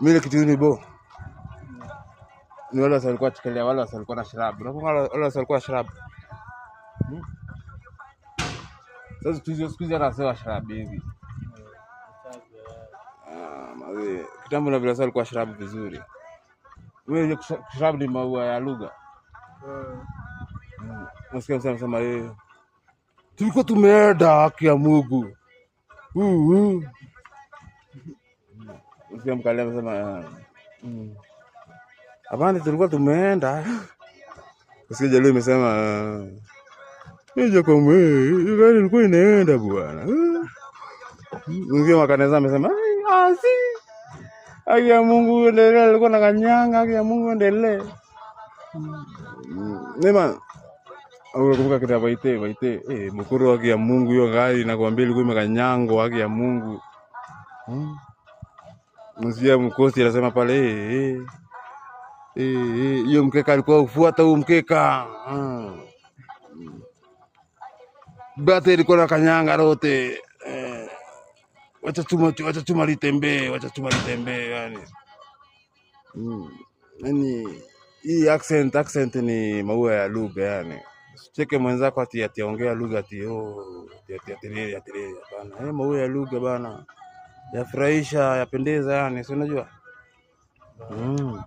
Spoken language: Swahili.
mile kitu hili bo ni wale walikuwa chikelea, wale walikuwa na shirabu, nakumbuka wale walikuwa sharabu. Hmm? Sasa siku hizi siku hizi hata sasa sharabu hivi ah, mazi kitambo, na vile sasa alikuwa shirabu vizuri. Wewe sharabu ni maua ya lugha, hmm. nasikia msema sema yeye tulikuwa tumeenda haki ya Mungu Mzee Mkali amesema ah. mm. hapana, tulikuwa tumeenda kusikia Jaluo imesema Jakomgari ah. yaani ilikuwa inaenda bwana. Mzee Makaneza amesema asi, ah, haki ya Mungu endelee, alikuwa na kanyanga, haki ya Mungu endelee. Mm. Nema unakumbuka kita baite baite eh, mukuru haki ya Mungu hiyo gari nakwambia ilikuwa imekanyango haki ya Mungu hmm? Mzee mkosi anasema pale hiyo e, e, mkeka alikuwa ufuata huo mkeka Bate ilikuwa na kanyanga rote Wacha tuma wacha tuma litembee, wacha tuma litembee yani Yani hii accent accent ni maua ya lugha yani, cheke mwenzako ati ationgea lugha ati oh ati ati ati hapana, maua ya lugha bana yafurahisha, yapendeza, yani si unajua mm.